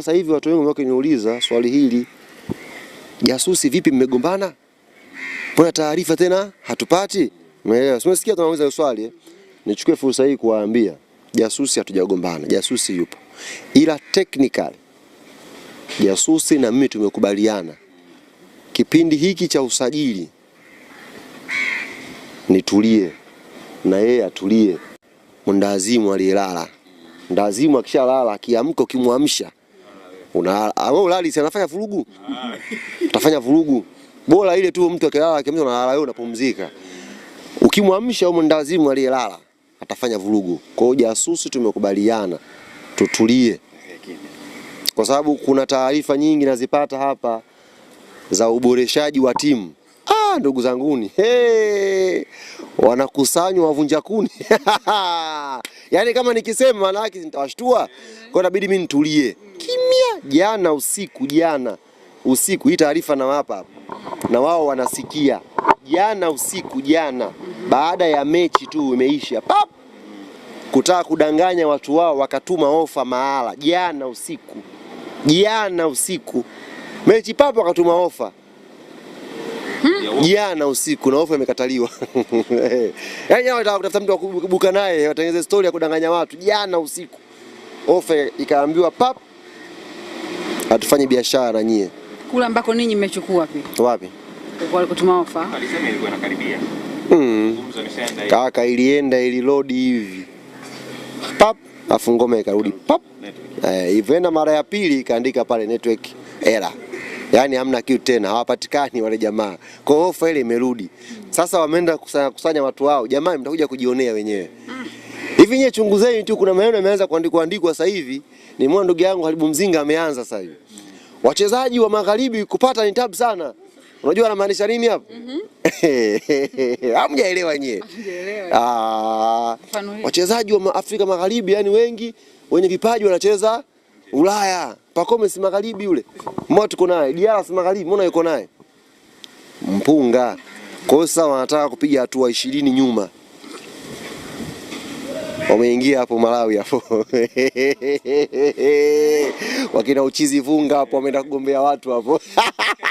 Sasa hivi watu wengi wakiniuliza swali hili, jasusi vipi, mmegombana? Mbona taarifa tena hatupati? Umeelewa? Simesikia tunauliza swali eh? Nichukue fursa hii kuwaambia jasusi hatujagombana, jasusi yupo, ila technical jasusi na mimi tumekubaliana kipindi hiki cha usajili nitulie na yeye atulie, Mndazimu aliyelala, ndazimu akishalala, akiamka, ukimwamsha una wewe ulali, si anafanya vurugu, utafanya vurugu. Bora ile tu mtu akilala akimza na lala, wewe unapumzika. Ukimwamsha au mwendawazimu aliyelala atafanya vurugu. Kwa hiyo jasusi, tumekubaliana tutulie, kwa sababu kuna taarifa nyingi nazipata hapa za uboreshaji wa timu. Ah, ndugu zanguni, hey, wanakusanywa wavunja kuni yaani kama nikisema maana yake nitawashtua, kwa inabidi mimi nitulie jana usiku, jana usiku, hii taarifa nawapa hapa na wao wanasikia. Jana usiku, jana baada ya mechi tu imeisha, pap kutaka kudanganya watu wao, wakatuma ofa mahala jana usiku, jana usiku mechi pap, wakatuma ofa jana hmm, usiku na ofa imekataliwa. Yaani hey, wanataka kutafuta mtu wa kubuka naye watengeneze story ya kudanganya watu. Jana usiku ofa ikaambiwa papo hatufanyi biashara nyie. Kula ambako ninyi mmechukua wapi? Wapi? kutuma ofa. Alisema ilikuwa inakaribia. Mm. Kaka ilienda ilirodi hivi. Pap, afu ngoma ikarudi pap. Eh, ivenda mara ya pili ikaandika pale network error. Yaani hamna kitu tena, hawapatikani wale jamaa. Kwa hiyo ofa ile imerudi. Sasa wameenda kusanya, kusanya watu wao. Jamaa mtakuja kujionea wenyewe. Mm. Hivi nyewe chunguzeni tu, kuna maneno yameanza kuandikwa andikwa sasa hivi. Nimeona ndugu yangu Haribu Mzinga ameanza sasa hivi. Wachezaji wa magharibi kupata ni tabu sana. Unajua anamaanisha nini hapo? Mhm. Mm Hamjaelewa nyewe. Ah. Wachezaji wa Afrika Magharibi yani wengi wenye vipaji wanacheza Ulaya. Pakome si magharibi yule. Mbona tuko naye? Diara si magharibi, mbona yuko naye? Mpunga. Kosa wanataka kupiga hatua 20 nyuma wameingia hapo Malawi hapo wakina uchizi vunga hapo wameenda kugombea watu hapo